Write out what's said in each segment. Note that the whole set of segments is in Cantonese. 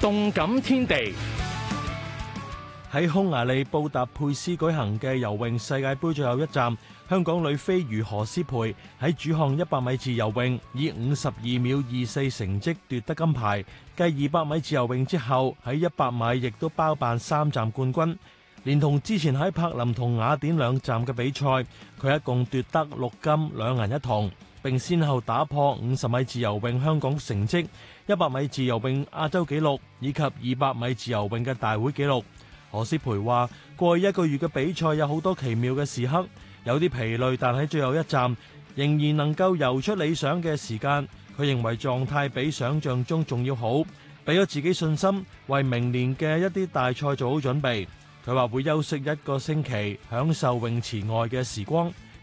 動感天地喺匈牙利布達佩斯舉行嘅游泳世界杯最後一站，香港女飛魚何詩蓓喺主項一百米自由泳以五十二秒二四成績奪得金牌。繼二百米自由泳之後，喺一百米亦都包辦三站冠軍，連同之前喺柏林同雅典兩站嘅比賽，佢一共奪得六金兩銀一銅。並先後打破五十米自由泳香港成績、一百米自由泳亞洲紀錄以及二百米自由泳嘅大會紀錄。何詩蓓話：過去一個月嘅比賽有好多奇妙嘅時刻，有啲疲累，但喺最後一站仍然能夠游出理想嘅時間。佢認為狀態比想象中仲要好，俾咗自己信心，為明年嘅一啲大賽做好準備。佢話會休息一個星期，享受泳池外嘅時光。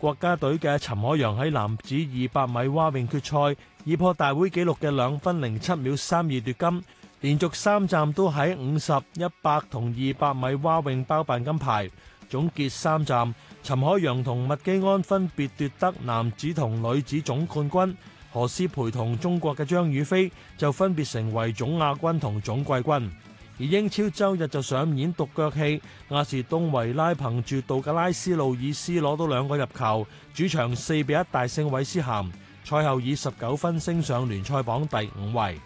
國家隊嘅陳海洋喺男子二百米蛙泳決賽以破大會紀錄嘅兩分零七秒三二奪金，連續三站都喺五十、一百同二百米蛙泳包辦金牌。總結三站，陳海洋同麥基安分別奪得男子同女子總冠軍，何詩蓓同中國嘅張雨霏就分別成為總亞軍同總季軍。而英超周日就上演獨腳戲，亞士東維拉憑住道格拉斯路爾斯攞到兩個入球，主場四比一大勝韋斯咸，賽後以十九分升上聯賽榜第五位。